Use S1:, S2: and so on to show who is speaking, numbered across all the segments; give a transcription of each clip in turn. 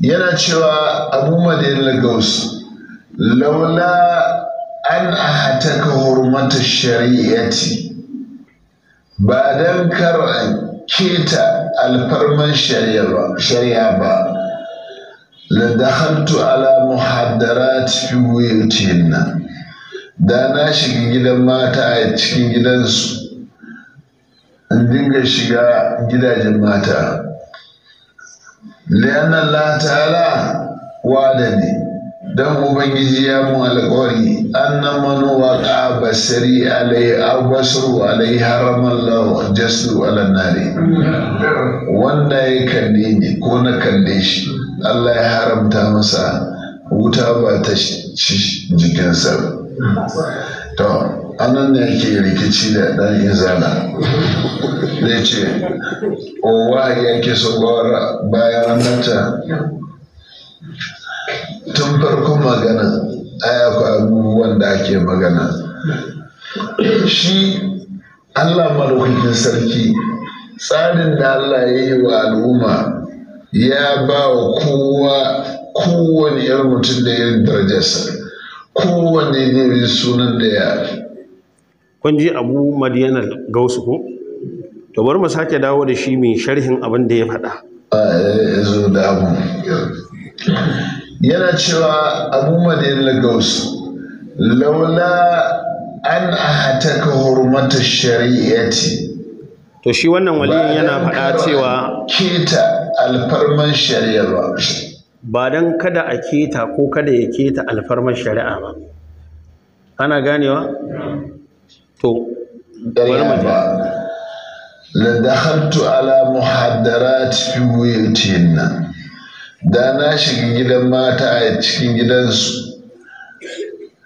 S1: yana cewa abu madin lagos laula an ka hurmata shari'ati ba don kar a keta alfarman shari'a ba la dakhaltu ala muhaddarat fi na. da na shiga gidan mata a cikin gidansu in dinga shiga gidajen mata liyan latala ta'ala wada ne don ubangiji ya mun alƙawari annan manuwa ka basari alai abasaru alai haraman lau jasu alannare wanda ya kalle ne ko na kalle shi Allah ya haramta masa wuta ba ta shi jikinsa to anan ne yake rikici da dan izana da ce owa yake so gora bayan nata tun farkon magana ayaku abubuwan da ake magana shi allah malukukin sarki tsarin da allah ya yi wa al'umma ya ba wa kowa kowane 'yar mutum da ya darajarsa kowane ne sunan da ya
S2: kun ji abu madiyanar gausu ko to bari mu sake dawo da shi mai sharhin abin da ya faɗa
S1: ah, zo da abu yana cewa abu madiyanar gausu laula an
S2: ahataka hurmata shari'ati to shi wannan waliyan yana faɗa cewa keta alfarman shari'a ba ba don kada a keta ko kada ya keta alfarman shari'a ba ana ganewa to da mu
S1: la dakhaltu ala muhaddarat fi buyutinna da na shiga gidan mata a
S2: cikin gidansu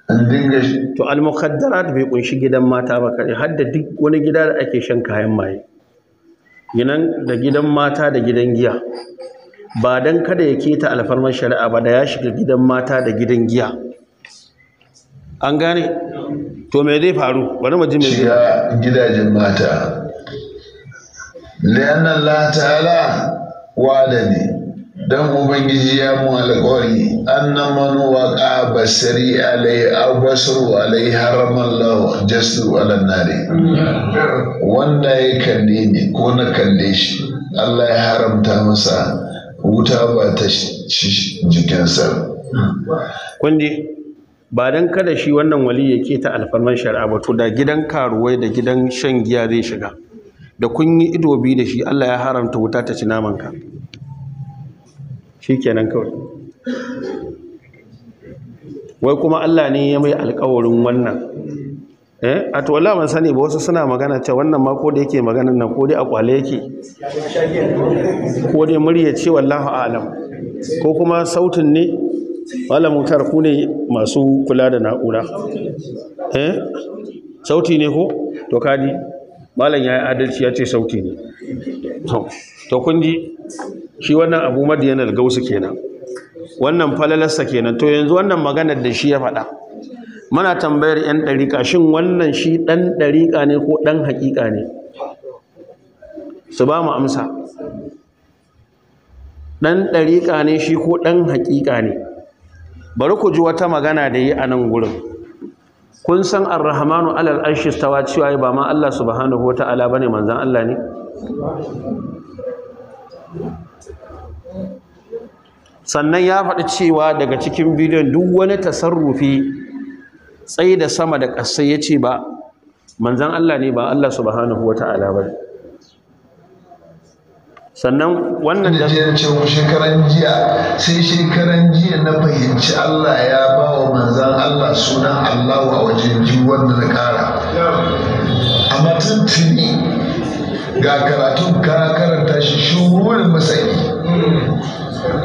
S2: dinga to al muhaddarat bai kunshi gidan mata ba kai, har da duk wani gida da ake shan kayan maye ginan da gidan mata da gidan giya ba dan kada ya keta alfarmar shari'a ba da ya shiga gidan mata da gidan giya an gane to me zai faru wani mu mai zai gidajen mata lianna Allah
S1: ta'ala ne dan ubangiji ya mu alƙawari annan man waqa basari alai aw basru alai haramallahu jasu ala Nare. wanda ya kalle ni ko na kalle shi Allah ya haramta masa wuta ba ta shi jikinsa
S2: kundi ba don kada shi wannan wali ya keta alfarman shari'a ba to da gidan karuwai da gidan shan giya zai shiga da kun yi ido biyu da shi Allah ya haramta wuta ta ci naman ka shikenan kawai wai kuma Allah ne ya mai alƙawarin wannan eh a to wallahi ban sani ba wasu suna magana cewa wannan ma ko da yake maganar nan ko dai a kwale yake ko dai murya ce wallahu a'lam ko kuma sautin ne malamin kar ku ne masu kula da na'ura eh sauti ne ko to kadi, malam ya yi adalci ya ce sauti ne to kun ji shi wannan abu madiyanar gausu kenan wannan falalarsa kenan to yanzu wannan maganar da shi ya faɗa muna tambayar 'yan ɗariƙa shin wannan shi ɗan ɗariƙa ne ko ɗan haƙiƙa ne su ba mu amsa ɗan ɗariƙa ne shi ko ɗan haƙiƙa ne bari ku ji wata magana da yi a nan gurin kun san arrahmanu alal arshi tawa cewa ba ma Allah subhanahu wata'ala bane manzon Allah ne sannan ya faɗi cewa daga cikin bidiyon duk wani tasarrufi tsaye da sama da ƙasa ya ce ba manzan Allah ne ba Allah subhanahu wa ta'ala ba sannan wannan
S1: da ya ce mu shekaran jiya sai shekaran jiya na fahimci Allah ya ba wa manzan Allah sunan Allah a wajen ji wanda na kara amma tuntuni ga karatun ka karanta shi shugurin masani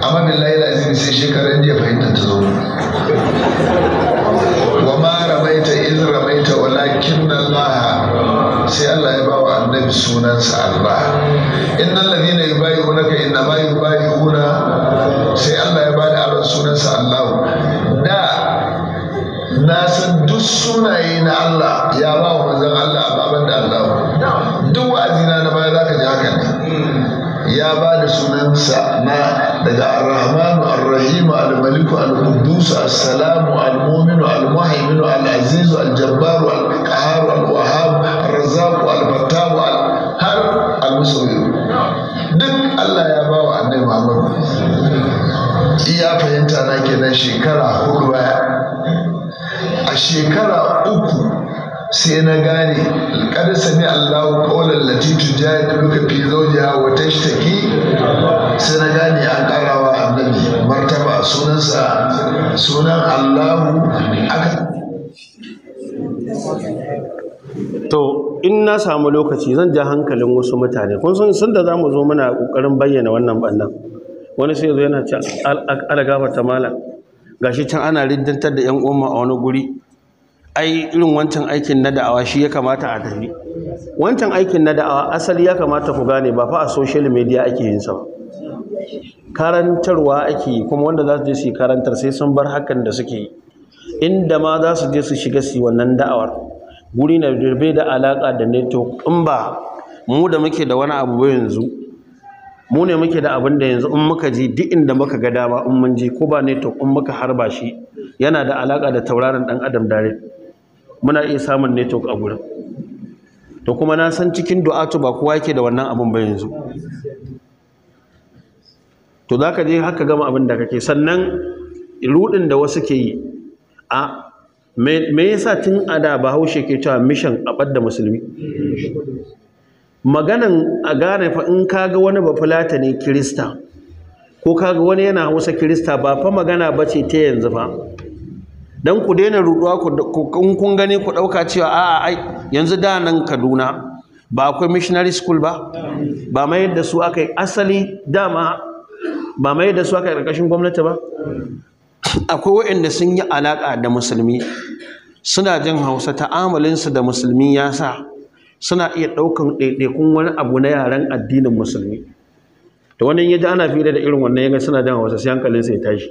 S1: amma billahi lazim sai shekaran jiya fahimta ta zo wa ma ramaita iz ramaita walakin Allah sai Allah ya ba wa annabi sunansa Allah innal ladina yubayyi'unaka inna ma yubayyi'una sai Allah ya bada aron sunansa Allah da na san duk sunaye na Allah ya ba wa manzon Allah a baban da Allah duk wa'azina na baya ka ji haka ne ya ba da sunansa na daga arrahmanu arrahimu al alquddus al almu'minu al alazizu aljabbaru alqahharu al arrazzaqu al iya fahimta na kenan shekara hudu baya a shekara uku sai na gane kada sami Allahu qawlan lati duka fi zawjiha wa tashtaki sai na gane an karawa annabi martaba sunansa sunan Allahu aka
S2: to in na samu lokaci zan ja hankalin wasu mutane kun san sun da mu zo muna kokarin bayyana wannan bannan wani sai zo yana can alagafa ta malam gashi can ana riddantar da yan umma a wani guri ai irin wancan aikin na da'awa shi ya kamata a tafi wancan aikin na da'awa asali ya kamata ku gane ba fa a social media ake yin sa karantarwa ake yi kuma wanda za su je su yi karantar sai sun bar hakan da suke yi inda ma za su je su shiga su wannan da'awar guri na bai da alaka da network in ba mu da muke da wani abu yanzu mu ne muke da abin da yanzu in muka ji duk inda muka ga dama in mun ji ko ba ne to in muka harba shi yana da alaka da tauraron dan adam dare muna iya samun network a gurin to kuma na san cikin du'atu ba kowa yake da wannan abin ba yanzu to zaka je haka gama abin da kake sannan rudin da wasu ke yi a me yasa tun ada bahaushe ke cewa mission a da musulmi maganan a gane fa in kaga wani bafulata ne kirista ko kaga wani yana hausa kirista ba fa magana ba ce ta yanzu fa Don ku daina ruduwa in kun gani ku ɗauka cewa a'a ai yanzu da nan Kaduna ba akwai missionary school ba ba mai da su aka yi asali dama ba mai da su aka yi ƙarƙashin gwamnati ba akwai waɗanda sun yi alaka da musulmi suna jin hausa ta'amalinsu da musulmi ya sa suna iya ɗaukan ɗaiɗaikun wani abu na yaren addinin musulmi da wani ya ji ana fira da irin wannan yaga suna dama wasu sai hankalinsa ya tashi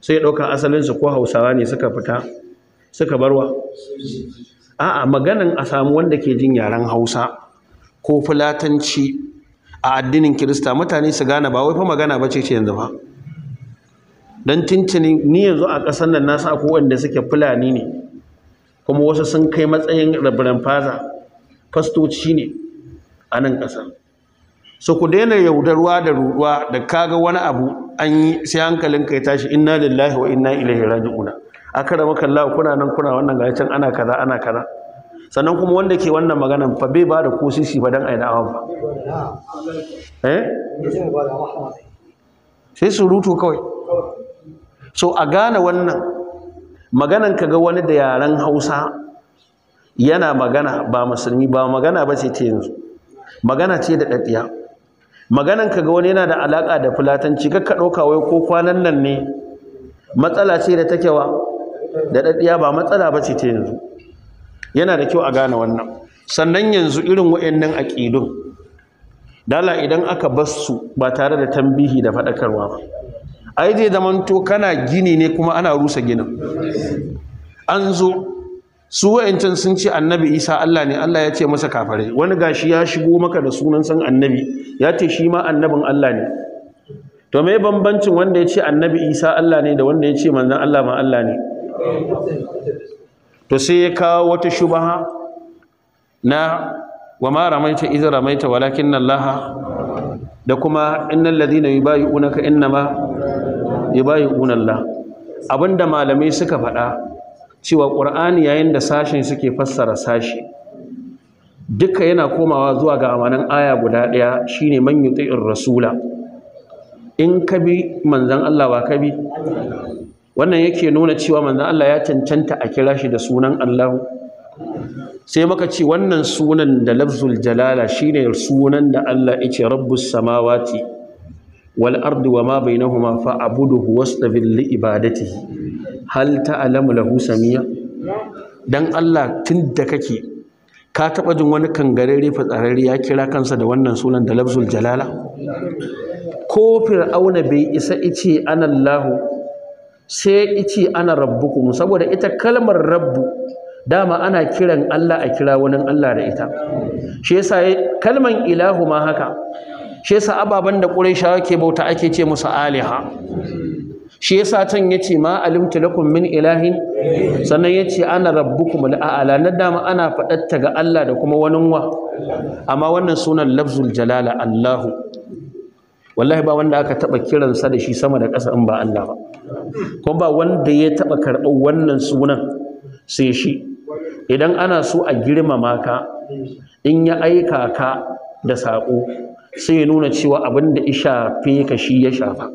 S2: sai ya ɗauka asalinsu ko hausawa ne suka fita suka barwa a'a maganan a samu wanda ke jin yaren hausa ko fulatanci a addinin kirista mutane su gane ba wai fa magana ba ce ce yanzu ba don tintini ni yanzu a ƙasar nan nasa akwai wanda suke fulani ne kuma wasu sun kai matsayin rabiran faza fastoci ne a nan ƙasar so ku daina yaudarwa da ruɗuwa da kaga wani abu an yi sai hankalinka ya tashi inna lillahi wa inna ilaihi raji'una akara maka Allah kuna nan kuna wannan ga can ana kaza ana kaza sannan kuma wanda ke wannan maganan fa bai ba da ko sisi ba dan ai da awan fa eh sai surutu kawai so a gane wannan maganan kaga wani da yaren Hausa yana magana ba musulmi ba magana ba ce ta yanzu magana ce da ɗaɗɗiya maganan ka ga wani yana da alaƙa da fulatanci kakka ɗauka wai ko kwanan nan ne matsala ce da takewa da ɗaɗɗiya ba matsala ba ce ta yanzu yana da kyau a gane wannan sannan yanzu irin wa'annan aƙidun dala idan aka bar su ba tare da tambihi da faɗakarwa ba ai zai zamanto kana gini ne kuma ana rusa ginin an zo su wa'ancan sun ce annabi isa allah ne allah ya ce masa kafare wani gashi ya shigo maka da sunan san annabi ya ce shi ma annabin allah ne to mai bambancin wanda ya ce annabi isa allah ne da wanda ya ce manzan allah ma allah ne to sai ya kawo wata shubaha na wa ma ramaita idza ramaita walakin nallaha" da kuma innal ladina bayi yubayyi'unaka innama bayi allah abinda malamai suka faɗa cewa ƙur'ani yayin da sashen suke fassara sashi duka yana komawa zuwa ga amanan aya guda ɗaya shine manyan yuti'ir rasula in ka bi manzan Allah wa ka bi wannan yake nuna cewa manzan Allah ya cancanta a kira shi da sunan Allah sai muka ce wannan sunan da lafzul jalala shine sunan da Allah yace rabbus samawati wal ardi wama bainahuma fa'buduhu wastabil li ibadatihi hal ta'lamu lahu samiya dan Allah tun da kake ka taɓa jin wani kangarere fatsarari ya kira kansa da wannan sunan da lafzul jalala ko fir'auna bai isa ice ana Allahu sai ice ana rabbukum saboda ita kalmar rabbu dama ana kiran Allah a kira wani Allah da ita shi yasa kalman ilahu ma haka shi yasa ababen da Qurayshawa ke bauta ake ce musu aliha shi yasa can yace ma alimtu lakum min ilahin sannan yace ana rabbukum al'ala na dama ana faɗatta ga Allah da kuma wani wa amma wannan sunan lafzul jalala Allahu wallahi ba wanda aka taba kiransa da shi sama da ƙasa in ba Allah ba kuma ba wanda ya taba karɓar wannan sunan sai shi idan ana so a girmama ka in ya aika ka da saƙo sai ya nuna cewa abin da shafe ka shi ya shafa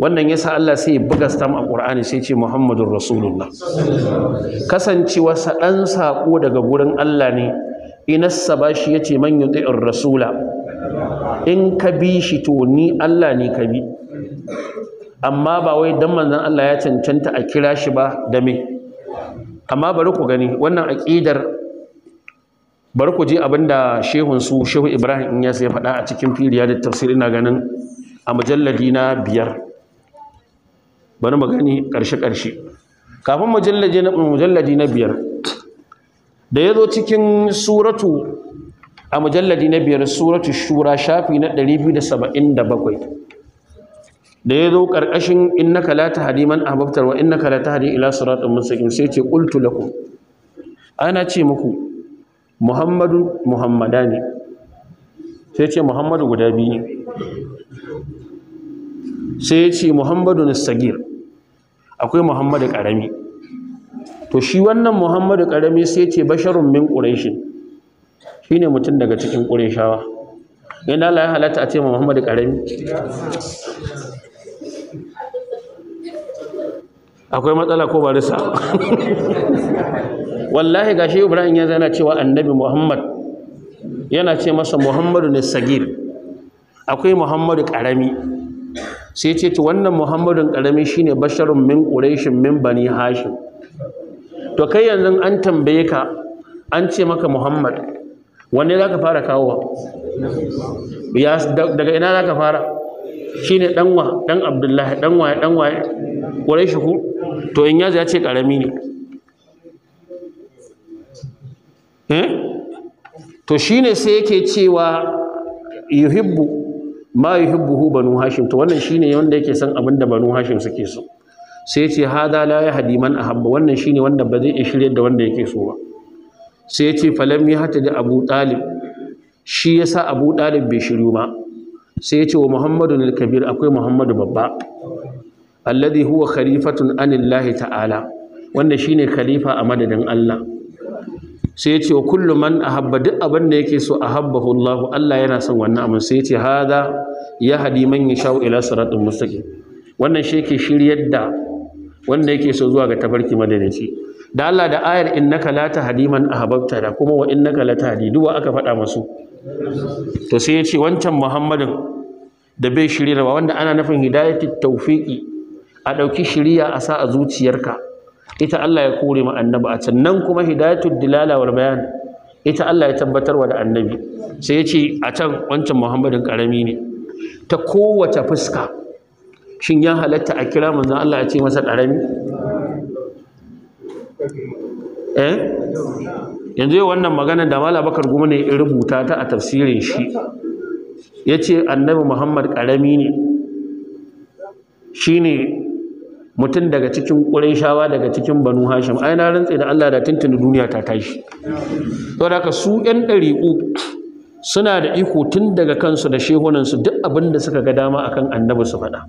S2: wannan yasa Allah sai buga stam a Qur'ani sai ce Muhammadur Rasulullah kasancewa sa dan sako daga gurin Allah ne inassa bashi yace man yuti'ir rasula in ka bi shi to ni Allah ne ka bi amma ba wai dan manzon Allah ya cancanta a kira shi ba da me amma bari ku gani wannan aqidar bari ku ji abinda shehun su Shehu Ibrahim in ya faɗa a cikin firiya da tafsir ina ganin a mujalladi na biyar bari magani ƙarshe-ƙarshe kafin mujalladi na biyar da ya zo cikin suratu a mujalladi na biyar suratu shura shafi na 277 da ya zo ƙarƙashin innaka la tahdi ahbabtar wa innaka la tahdi ila siratin mustaqim sai ce qultu lakum ana ce muku muhammadu muhammadani sai ce muhammadu guda biyu sai ya ce muhammadu nassagir akwai muhammadu ƙarami to shi wannan muhammadu ƙarami sai ce basharun min ƙureshi shi ne mutum daga cikin ƙureshawa yana la ya halatta a ce muhammadu ƙarami akwai matsala ko barisa wallahi wallahi gashi ibrahim ya zana cewa annabi muhammad yana ce masa muhammadu nassagir akwai muhammadu ƙarami sai ce to wannan muhammadun ƙarami shine basharun min ƙureshin min bani hashim to kai yanzu an tambaye ka an ce maka muhammad wanne za ka fara kawo daga ina za ka fara shi ne ɗanwa ɗan abdullahi ɗanwa ya ɗanwa ya ƙwarai shi ku to in yazi ya ce ƙarami ne eh? to shi ne sai yake cewa yuhibbu ma yuhibbuhu banu hashim to wannan shine wanda yake son abin da banu hashim suke so sai ce hada la yahdi man ahabba wannan shine wanda ba zai shirye da wanda yake so ba sai ce falam ya hata da Abu Talib shi yasa Abu Talib bai shiru ba sai ce wa Muhammadu al-Kabir akwai Muhammadu babba alladhi huwa khalifatun anillahi ta'ala wanda shine khalifa a madadin Allah sai yace wa kulluman man habba duk abin da yake so a Allah Allah yana son wannan abin sai ce haza, ya hadi man yasha ila siratin mustaqim wannan shi yake shiryar da wanda yake so zuwa ga tafarki madadaci da Allah da ayar innaka la tahdi man ahbabta da kuma wa innaka la tahdi duwa aka faɗa masu to sai yace wancan Muhammadin da bai shirye da wanda ana nufin hidayatu tawfiqi a ɗauki shiriya a sa a zuciyarka ita Allah ya kore ma annabi a can nan kuma hidayatul dilala wal bayan ita Allah ya tabbatar da annabi sai ya ce a can wancan muhammadin karami ne ta kowace fuska shin ya halatta a kira manzon Allah ya ce masa karami eh yanzu yau wannan magana da mala bakar goma ne ya rubuta ta a tafsirin shi yace annabi muhammad karami ne shine mutum daga cikin shawa daga cikin banu hashim ai na rantse da Allah da tuntuni duniya ta tashi to da su ɗan ɗariƙu suna da iko tun daga kansu da shehunansu duk abin da suka ga dama akan annabi su faɗa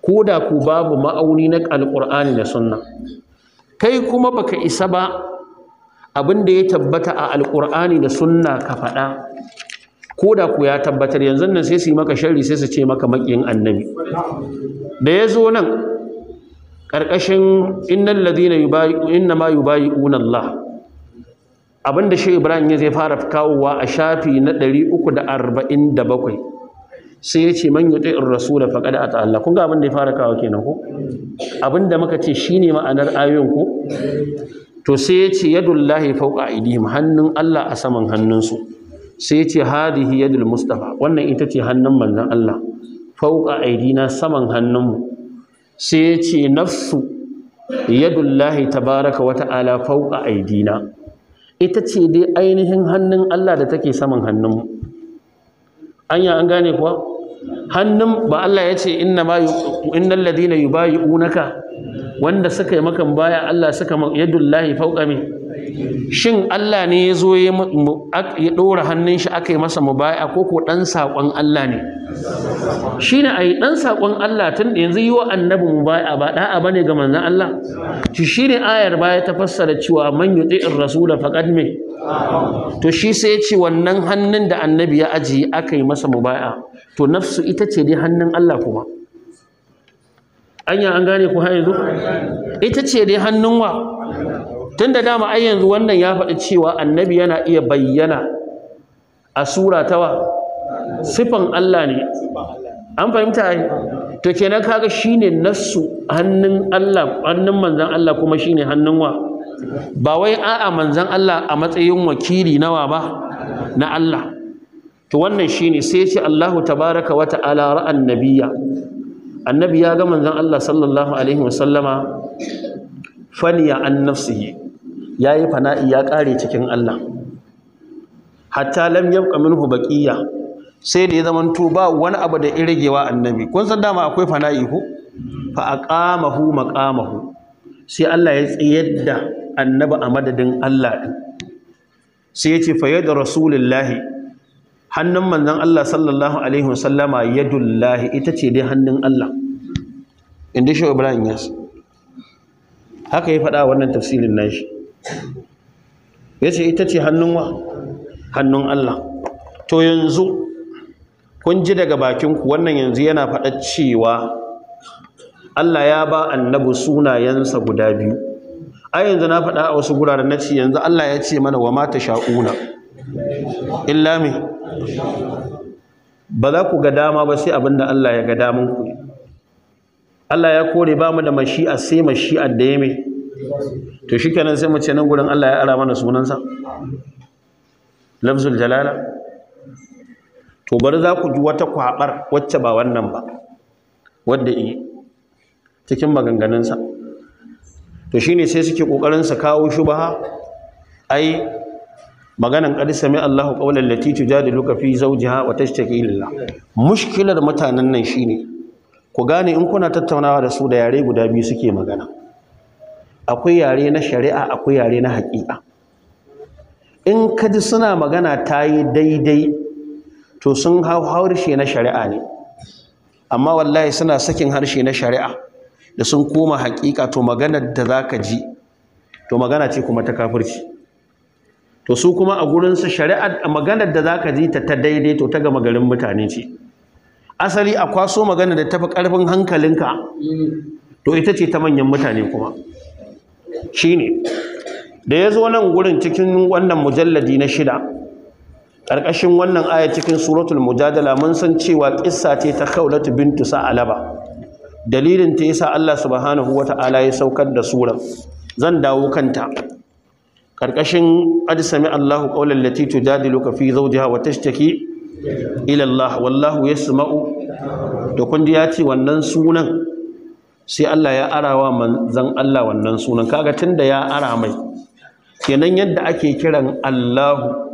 S2: ko da ku babu ma'auni na alƙur'ani da sunna kai kuma baka isa ba abin da ya tabbata a alƙur'ani da sunna ka faɗa ko da ku ya tabbatar yanzu nan sai su yi maka sharri sai su ce maka makiyin annabi da ya zo nan ƙarƙashin innan ladina inna ma yubayi'una Allah abinda shi Ibrahim ya zai fara kawowa a shafi na 347 sai ya ce man yuti ar-rasul da ata Allah kun ga abin da ya fara kawo kenan ku abinda muka ce shi ne ma'anar ayoyin ku to sai ya ce yadullahi a idim, hannun Allah a saman hannunsu sai ya ce hadihi yadul mustafa wannan ita ce hannun manzon Allah fauƙa idina saman hannunmu sai ya ce nafsu yadullahi tabaraka wata ala fawqa aidina ita ce dai ainihin hannun Allah da take saman hannunmu anya an gane kuwa hannun ba Allah ya ce inna ma innal ladina unaka? wanda suka yi makan baya Allah suka yadullahi fawqa mai shin Allah ne ya zo ya ɗora hannun shi aka yi masa mubaya ko ko ɗan saƙon Allah ne shi ne a yi ɗan saƙon Allah tun da yanzu yi wa annabi mubaya ba ɗa'a ba ne ga manzan Allah to shi ne ayar baya ta fassara cewa man yi ɗi'in da faƙad me to shi sai ya ce wannan hannun da annabi ya ajiye aka yi masa mubaya to nafsu ita ce dai hannun Allah kuma anya an gane ku har yanzu ita ce dai hannun wa tun da dama ai yanzu wannan ya faɗi cewa annabi yana iya bayyana a sura tawa sifan Allah ne an fahimta ai to kenan kaga shine nasu hannun Allah hannun manzon Allah kuma shine hannun wa ba wai a'a manzon Allah a matsayin wakili nawa ba na Allah to wannan shine sai ce Allahu tabaaraka wa ta'ala ra'an nabiyya annabi ya ga manzon Allah sallallahu alaihi wasallama faniya an nafsihi ya yi fana'i ya ƙare cikin Allah hatta lam yabqa minhu baqiya sai da ya zamanto ba wani abu da irigewa annabi kun san dama akwai fana'i ko fa aqamahu maqamahu sai Allah ya tsayar da annabi a madadin Allah din sai ya ce fa yad rasulullahi hannun manzon Allah sallallahu alaihi wasallama yadullahi ita ce dai hannun Allah inda shi Ibrahim yas haka ya faɗa wannan tafsirin nashi ya ce ita ce hannun wa hannun Allah to yanzu kun ji daga bakinku wannan yanzu yana faɗa cewa Allah ya ba Annabu sunayensa guda biyu a yanzu na faɗa a wasu gurare na ce yanzu Allah ya ce mana wa mata sha'una illa me ba za ku ga dama ba sai abinda Allah ya ga damanku Allah ya kore ba mu da mashi'a sai mashi'ar da ya mai to shi kenan sai mu ce nan gurin Allah ya ara mana sunansa lafzul jalala to bari za ku ji wata kwabar wacce ba wannan ba wadda yi cikin maganganunsa to shine sai suke kokarin sa kawo shubaha, ai maganan qad sami Allahu qawlan lati tujadiluka fi zawjiha wa tashtaki lillah mushkilar mutanen nan shine ku gane in kuna tattaunawa da su da yare guda biyu suke magana akwai yare na shari'a akwai yare na haƙiƙa in ka ji suna magana ta yi daidai to sun hau harshe na shari'a ne amma wallahi suna sakin harshe na shari'a da sun koma haƙiƙa to magana da za ka ji to magana ce kuma ta kafirci to su kuma a gurinsu shari'a magana da za ka ji ta ta daidai to ta gama garin mutane ce asali a kwaso magana da tafi karfin hankalinka to ita ce ta manyan mutane kuma shine da ya zo nan gurin cikin wannan mujalladi na shida ƙarƙashin wannan aya cikin suratul mujadala mun san cewa ƙissa ce ta kaulatu bintu sa'alaba dalilin ta yasa Allah subhanahu wata'ala ya saukar da sura zan dawo kanta ƙarƙashin qad sami Allahu qawlan lati tujadiluka fi zawjiha wa tashtaki ila Allah wallahu yasma'u to kun ji ya ce wannan sunan sai Allah ya arawa manzan Allah wannan sunan kaga tunda ya ara mai kenan yadda ake kiran Allahu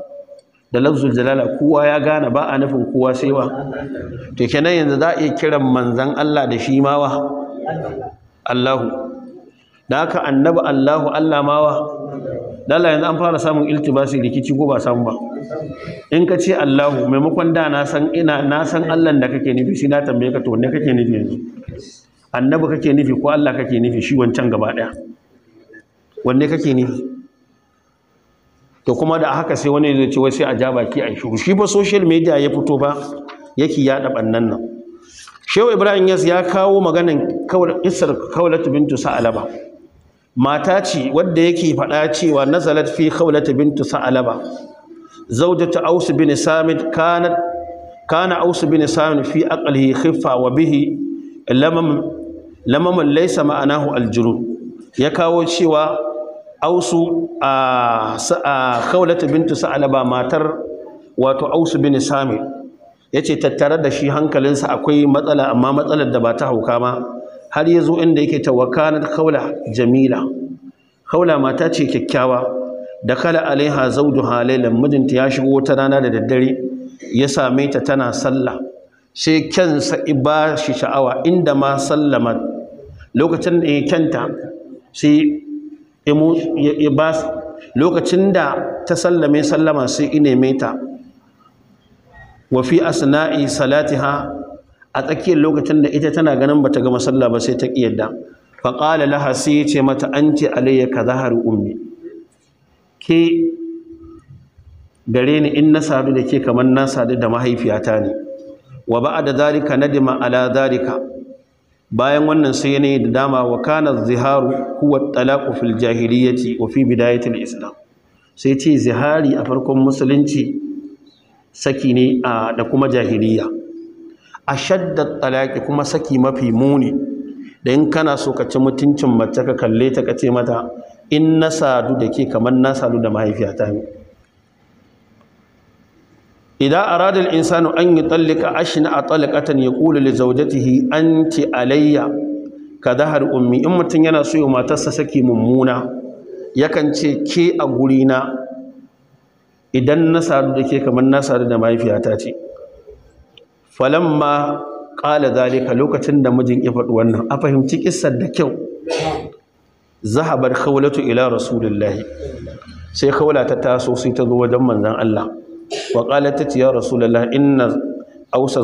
S2: da lafzul jalala kowa ya gane ba a nufin kowa sai wa to kenan yanzu za a iya kiran manzan Allah da shi ma wa Allahu da haka annabi Allahu Allah ma wa dala yanzu an fara samun iltibasi rikici ko ba samu ba in ka ce Allahu maimakon da na san ina na san Allah da kake nufi shi na tambaye ka to wanne kake nufi yanzu annabi kake nufi ko Allah kake nufi shi wancan gaba daya wanne kake nufi to kuma da haka sai wani zai ce wai sai a ja baki a shiru shi ba social media ya fito ba yake yada bannan nan shehu ibrahim yas ya kawo maganan kawar kaulatu bintu sa'alaba mata ce wadda yake faɗa cewa nazalat fi kaulatu bintu sa'alaba zaujatu aus bin samit kana kana aus bin samit fi aqlihi khiffa wa bihi lamam lamaman laisa ma'anahu aljunun ya kawo cewa ausu a khawlata bintu sa'alaba matar wato ausu bin sami yace tattare da shi hankalinsa akwai matsala amma matsalar da ba ta hauka ma har yazo inda yake tawakkanat khawla jamila khawla mata ce kyakkyawa da kala alaiha zawduha laylan mijinta ya shigo wata rana da daddare ya same ta tana sallah sai kyansa ba shi sha'awa inda ma sallama lokacin da ya kyanta sai ya ba lokacin da ta sallame sallama sai ine meta wa fi asna'i salatiha a tsakiyar lokacin da ita tana ganin bata gama sallah ba sai ta kiyarda fa qala laha sai ce mata anti alayya ka zahar ummi ke gare ni in na sadu da ke kamar na sadu da mahaifiyata ne wa zarika na dima ala zarika, bayan wannan sai ne da dama wa kana ziharu kuwa talaqu fil jahiliyyati wa fi bidayati islam sai ce zihari a farkon musulunci saki ne da kuma jahiliya shaddar talaqi kuma saki mafi muni da in kana so ka ci mutuncin mace ka kalle ta ka ce mata in na sadu da ke kamar na sadu da mahaifiyata ne إذا أراد الإنسان أن يطلق أشنع طلقة يقول لزوجته أنت علي كظهر أمي إما تنينا سيو ما تسسكي ممونا يكن كي أقولينا إذن نسعد لكي كمن نسعد ما في أتاتي فلما قال ذلك لوكة نمجن إفت وانا أفهمتك إسد كيو ذهب الخولة إلى رسول الله سيخولة تتاسو سيتذو وجمع الله Waƙala ta ta ya rasulullah inna ausa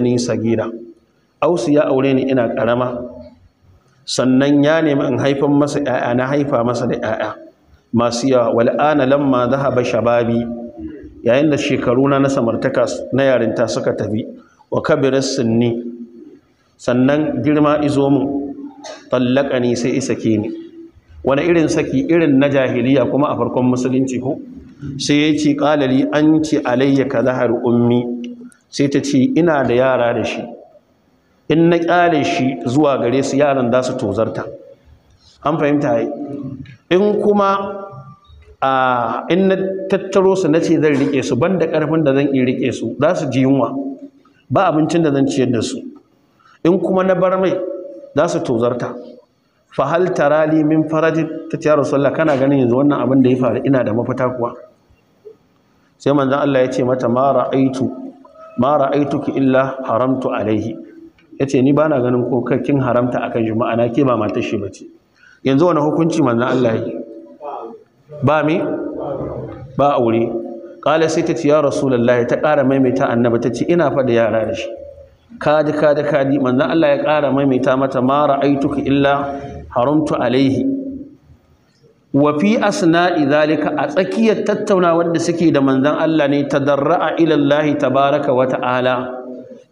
S2: ni sagira ausu ya aure ni ina karama sannan ya nemi in haifan masa 'ya'ya na haifa masa da 'ya'ya masu yawa wal'ana lamma dhahaba shababi yayin da shekaruna na samartaka na yarinta suka tafi wa kabiris sunni sannan girma izo mu tallaka ni sai ke ni wani irin saki irin na jahiliya kuma a farkon musulunci ko sai ya ce ƙalari an ce alayya zahar ummi sai ta ce ina da yara da shi in na ƙyale shi zuwa gare su yaran za su tozarta an fahimta yi in kuma a in na tattaro su na ce zan riƙe su ban da ƙarfin da zan iya riƙe su za su ji yunwa ba abincin da zan ciyar da su in kuma na bar mai za su tozarta fahaltara tarali min farajin ta ciyar rasulullah kana ganin yanzu wannan abin da ya faru ina da mafita kuwa sai manzan Allah ya ce mata mara aitu ki illa haramtu alaihi ya ce ni bana ganin ko haramta a kan juma'a na ke ba shi mace yanzu wani hukunci manzan Allah yi ba mi ba a wuri. kala sai ta ci ya lallahi ta ƙara maimaita annaba ta ci ina faɗa yara da shi kadi kadi kadi manzan Allah ya ƙara maimaita mata mara ki illa haramtu alaihi wa fi asna'i zalika a tsakiyar tattaunawar da suke da manzon Allah ne tadarra'a ila Allah tabaraka wata ala,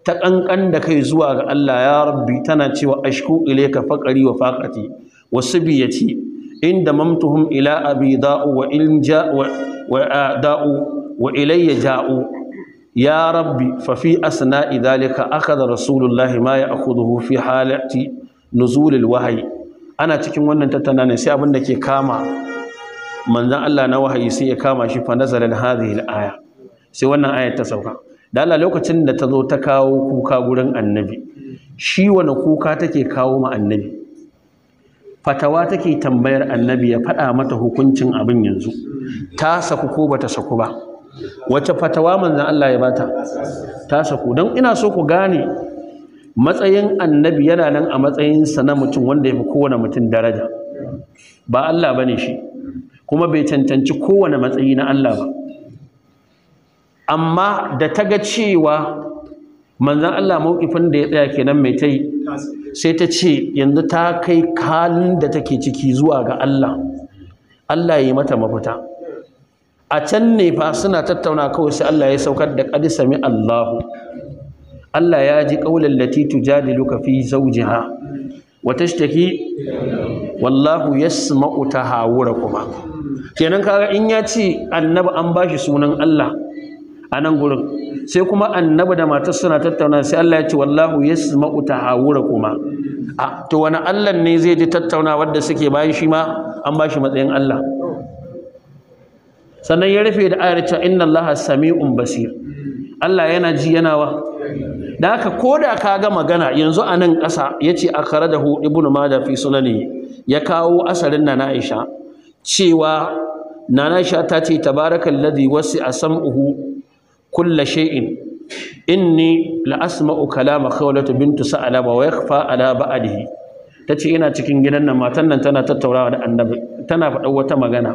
S2: ta kankan da kai zuwa ga Allah ya rabbi tana cewa ashku ilayka faqari wa faqati wasbiyati inda mamtuhum ila abi da'u wa in ja da'u wa ilayya ja'u ya rabbi fa fi asna'i zalika akhadha rasulullahi ma ya'khudhu fi halati nuzul alwahyi ana cikin wannan tattauna ne sai abin da ke kama manzon Allah na wahayi sai ya kama shi fa nazalat hadhihi al-aya sai wannan ayar ta sauka da Allah lokacin da ta zo ta kawo kuka gurin annabi shi wani kuka take kawo ma annabi fatawa take tambayar annabi ya faɗa mata hukuncin abin yanzu ta saku ko bata saku ba wace fatawa manzon Allah ya bata ta saku don ina so ku gane matsayin annabi yana nan a matsayinsa na mutum wanda ya fi kowane mutum daraja ba Allah ba shi kuma bai cancanci kowane matsayi na Allah ba amma da ta ga cewa manzan Allah mawukifin da ya tsaya kenan mai ta sai ta ce yanzu ta kai kalin da take ciki zuwa ga Allah Allah ya mata mafita a can ne fa suna tattauna kawai sai Allah ya saukar da ƙadisami Allahu Allah ya ji ƙaular lati tujadiluka fi zawjiha wa wallahu yasma'u tahawurakuma kenan kaga in ya ci annabi an bashi sunan Allah a nan gurin sai kuma annabi da matar suna tattauna sai Allah ya ce wallahu yasma'u tahawura kuma a to wani Allah ne zai ji tattauna wanda suke bayan shi ma an bashi matsayin Allah sannan ya rufe da ayar cewa inna Allaha sami'un basir Allah yana ji yana wa da haka ko da ka ga magana yanzu a nan ƙasa ya ce a kare da ibn mada fi sunani ya kawo asalin na na'isha cewa na na'isha ta ce tabarakan ladi wasu a sam'uhu kulla shay'in inni la'asma'u asma'u kalama khawlatu bintu sa'ala wa yakfa ala ba'dihi ce ina cikin gidan nan matan nan tana tattaunawa da annabi tana faɗa wata magana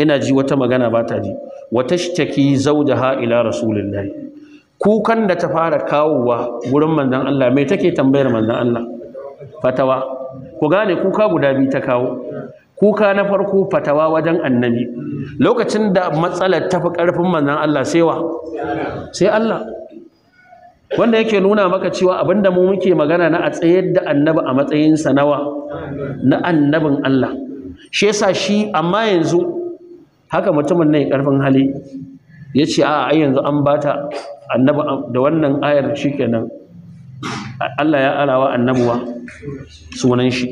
S2: ina ji wata magana ba ta ji wa tashtaki zawjaha ila rasulullahi kukan da ta fara kawowa wurin manzan Allah mai take tambayar manzan Allah fatawa ku gane kuka guda biyu ta kawo kuka na farko fatawa wajen annabi lokacin da matsalar ta fi karfin manzan Allah sai wa sai Allah wanda yake nuna maka cewa abinda mu muke magana na a tsayar da annabi a matsayinsa nawa na annabin Allah shi yasa shi amma yanzu haka mutumin nan karfin hali ya ce a yanzu an bata annabi da wannan ayar shi kenan Allah ya alawa annabuwa sunan shi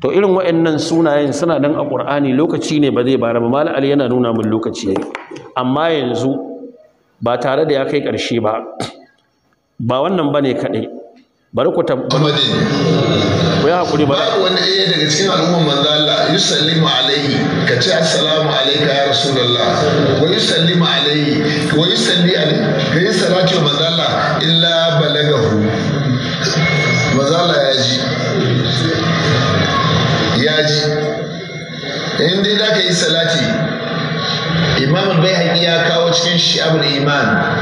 S2: to irin waɗannan sunayen suna dan a Qur'ani lokaci ne ba zai bara ba mal ali yana nuna min lokaci yayi amma yanzu ba tare da ya kai karshe ba ba wannan bane kadai bari ku tabbata ya hakuri ba babu wani
S1: ɗaya daga cikin al'umman manzo Allah yusallimu alaihi ka ce assalamu alayka ya rasulullah wa yusallimu alaihi wa yusalli alaihi ka yi salati wa manzo Allah illa balagahu manzo Allah ya ji ya ji in dai da ka yi salati imam al-bayhaqi ya kawo cikin shi'abul iman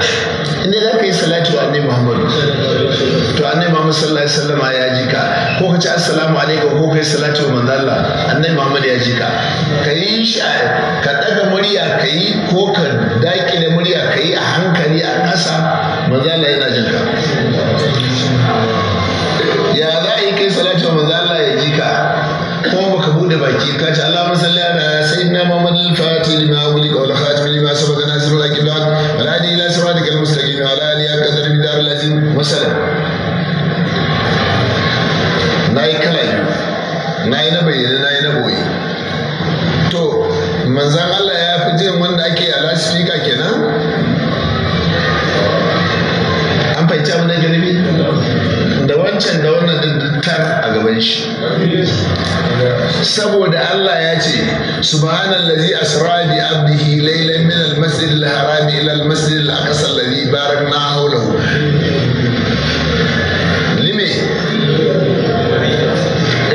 S1: inda za ka yi salatu wa annabi muhammad to annabi muhammad sallallahu alaihi wasallam ya ji ka ko ka ce assalamu alaikum ko ka yi salatu wa manzo Allah annabi muhammad ya ji ka ka yi shi ka daga murya ka yi ko ka dakile murya ka yi a hankali a ƙasa manzo Allah yana jin tsarki ka ce Allah masalli ala sayyidina Muhammad al-Fatih wal khatim lima sabaka al-mustaqim wa ala alihi qadar min al-azim wa salam nayi nayi na bayyana nayi na boye to manzan Allah ya fi jin wanda ake a lasifika kenan an fahimci abin da girbi da wancan da wannan cutar a gaban shi saboda Allah ya ce subhanallazi asra bi abdihi laylan min al-masjid al-haram ila al-masjid alladhi barakna hawlahu lime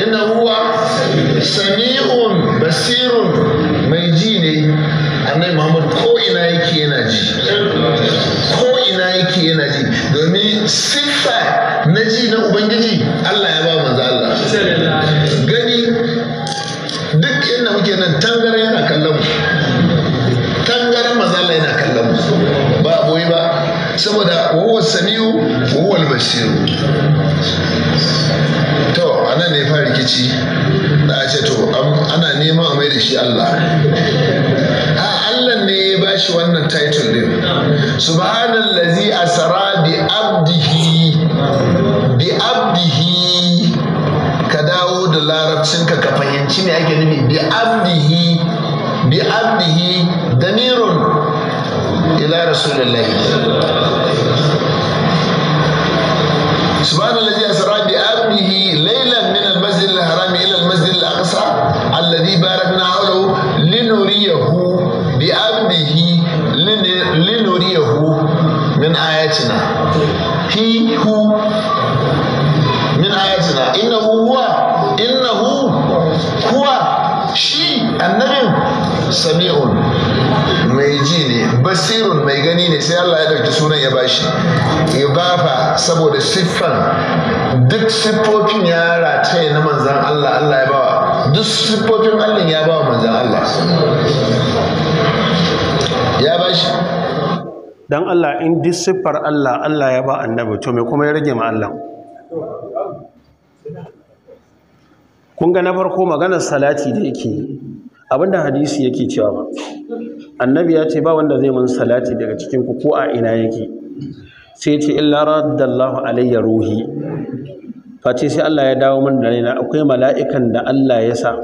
S1: inna huwa sami'un basirun mai ji ne annabi Muhammad ko ina yake yana ji ko ina yake yana ji domin siffa huwal basiru to anan ne fa rikici da a ce to ana neman a mai da shi Allah a Allah ne ya ba shi wannan title din subhanallazi asara bi abdihi bi abdihi ka dawo da larabcin ka ka fahimci me ake nufi bi abdihi bi abdihi damirun ila rasulillahi sai Allah ya ɗauki sunan ya bashi idafa saboda siffan duk siffofin ya rataye na manzan Allah Allah ya bawa
S2: duk siffofin Allah ya bawa manzan Allah ya bashi dan Allah in duk siffar Allah Allah ya ba annabi to me kuma ya rage ma Allah kun ga na farko maganar salati da yake yi abinda hadisi yake cewa ba annabi ya ce ba wanda zai mun salati daga cikin ku ko a ina yake sai ce illa raddallahu alayya ruhi face sai Allah ya dawo min da raina akwai mala'ikan da Allah ya sa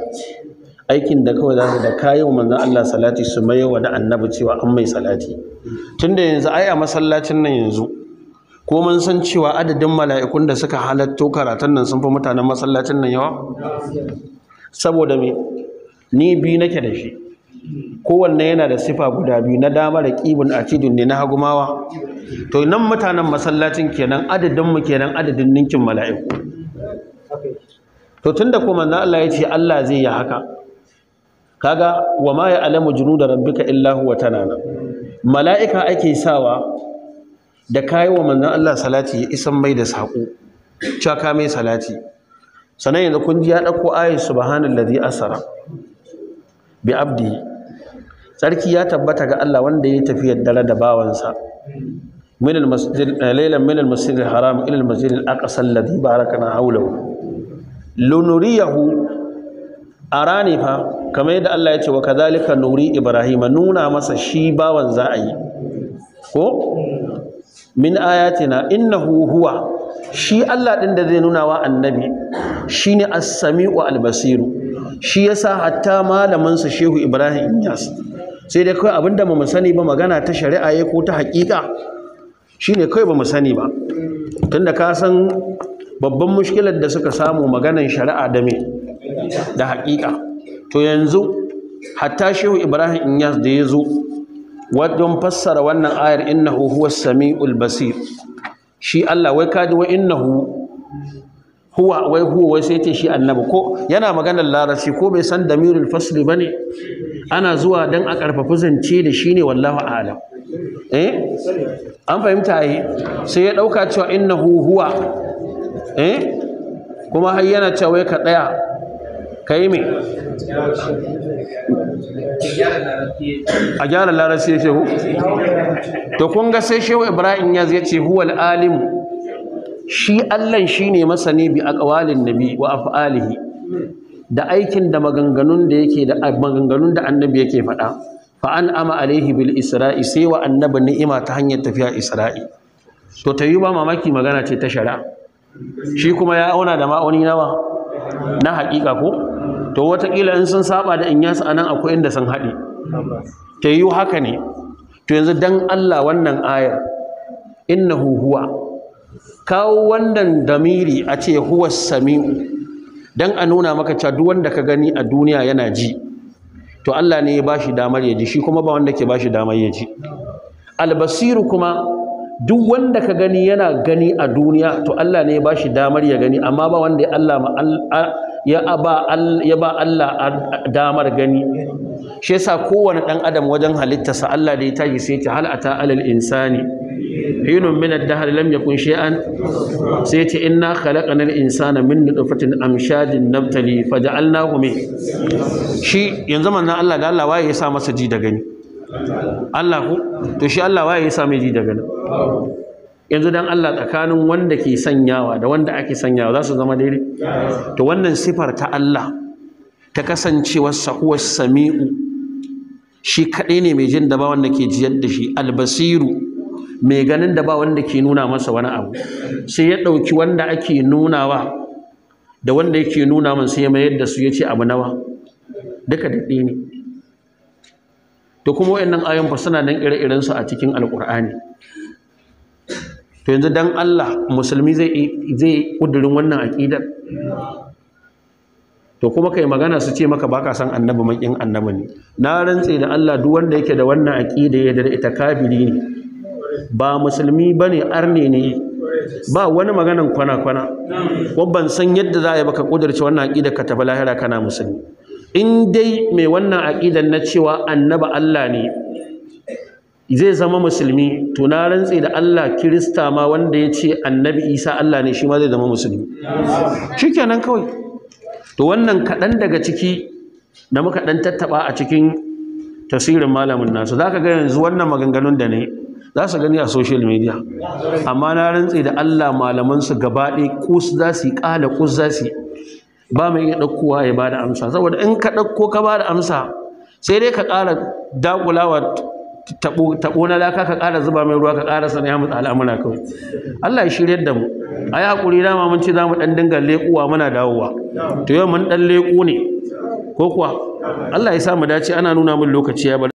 S2: aikin da kawai zaka da kayi wa manzon Allah salati su mai wa da annabi cewa an mai salati tunda yanzu ai a masallacin nan yanzu ko mun san cewa adadin mala'ikun da suka halatto karatun nan sun fi mutanen masallacin nan yawa saboda me ni biyu nake da shi kowanne yana da sifa guda biyu na dama da ƙibin akidun ne na hagumawa to nan mutanen masallacin kenan adadinmu kenan adadin ninkin mala'iku to tunda ko manzo Allah ya ce Allah zai yi haka kaga wa ma ya'lamu junuda rabbika illa huwa tanana mala'ika ake sawa da kai wa manzo Allah salati ya isan mai da sako cewa ka mai salati sanan yanzu kun ji ya dauko ayat subhanallazi asara. bi abdi sarki ya tabbata ga Allah wanda ya tafi dare da bawansa min al-masjid eh, laylan min al-masjid al-haram ila al-masjid al-aqsa alladhi barakana hawlahu lunuriyahu arani fa kamar yadda Allah ya ce wa kadhalika nuri ibrahim nuna masa shi bawan za a yi ko min ayatina innahu huwa shi Allah din da zai nuna wa annabi shine as-sami'u al-basiru shi yasa hatta malamin su Shehu Ibrahim iyas sai dai kai abinda ba mu sani ba magana ta shari'a yake ko ta hakika shine kai ba mu sani ba tunda ka san babban mushkilar da suka samu maganan shari'a da me da hakika to yanzu hatta Shehu Ibrahim Inyas da ya zo wajen fassara wannan ayar innahu huwas sami'ul basir shi Allah wai kadi wa innahu huwa wai huwa wai sai ce shi annabi ko yana maganar larabci ko bai san damirul fasli bane ana zuwa dan a karfafi zance da shine wallahu a'lam eh an fahimta ai sai ya dauka cewa innahu huwa eh kuma har yana cewa wai ka daya kai me a gyara larabci ya ce hu to kun ga sai shehu ibrahim ya ce huwal alimu shi Allah shine masani bi ƙawalin nabi wa af'alihi da aikin da maganganun da yake da maganganun da annabi yake faɗa fa'an an ama alaihi bil isra'i sai wa annabi ni'ima ta hanyar tafiya isra'i to ta yi ba mamaki magana ce ta shara shi kuma ya auna da ma'auni nawa na haƙiƙa ko to watakila in sun saba da in yasa anan akwai inda sun haɗe ta yi haka ne to yanzu dan Allah wannan ayar innahu huwa kawo wannan damiri a ce huwa sami'u don a nuna maka cewa duk wanda ka gani a duniya yana ji to Allah ne ya ba shi damar ya ji shi kuma ba wanda ke ba shi damar ya ji albasiru kuma duk wanda ka gani yana gani a duniya to Allah ne ya ba shi damar ya gani amma ba wanda Allah ya ba Allah damar gani shi yasa kowane dan adam wajen halittarsa Allah da ya tashi sai ta halata alal insani hinun min ad-dahr lam yakun shay'an sai ce inna khalaqna al-insana min nutfatin amshajin nabtali faja'alnahu min shi yanzu manzon Allah da Allah waye ya sa masa ji da gani Allah ku to shi Allah waye ya sa mai ji da gani yanzu dan Allah tsakanin wanda ke sanyawa da wanda ake sanyawa za su zama daidai to wannan sifar ta Allah ta kasancewarsa huwa sami'u shi kaɗai ne mai jin da ba wanda ke jiyar da shi albasiru mai ganin da ba wanda ke nuna masa wani abu sai ya ɗauki wanda ake nunawa da wanda yake nuna min sai ya mayar da su ya ce abu nawa duka da ne to kuma wayannan ayon suna nan ire irensu a cikin alƙur'ani to yanzu don Allah musulmi zai kudurin wannan aƙidar. to kuma kai magana su ce maka baka san annabi makin annabi ne na rantse da Allah duk wanda yake da wannan aqida ya da ita kabiri ne ba musulmi ba ne arne ne ba wani maganan kwana-kwana ban san yadda za a yi baka ƙudurci wannan aƙidar ka tafi lahira kana musulmi in dai mai wannan aƙidar na cewa annaba Allah ne zai zama musulmi to na rantse da Allah kirista ma wanda ya ce annabi isa Allah ne shi ma zai zama musulmi shi nan kawai to wannan kaɗan daga ciki da muka ɗan tattaɓa a cikin tasirin malamin nasu za ka ga yanzu wannan maganganun da ne za su gani a social media amma na rantse da Allah malaman su gaba ɗaya su za su yi ƙala kus za su ba mai iya ɗaukowa ya bada amsa saboda in ka ɗauko ka bada amsa sai dai ka ƙara dakulawa taɓo na laka ka ƙara zuba mai ruwa ka ƙara sana ya mutu al'amura kawai Allah ya shirya da mu a yi haƙuri dama mun ce za mu ɗan dinga leƙuwa muna dawowa to yau mun ɗan leƙu ne ko kuwa Allah ya sa mu dace ana nuna min lokaci ya bar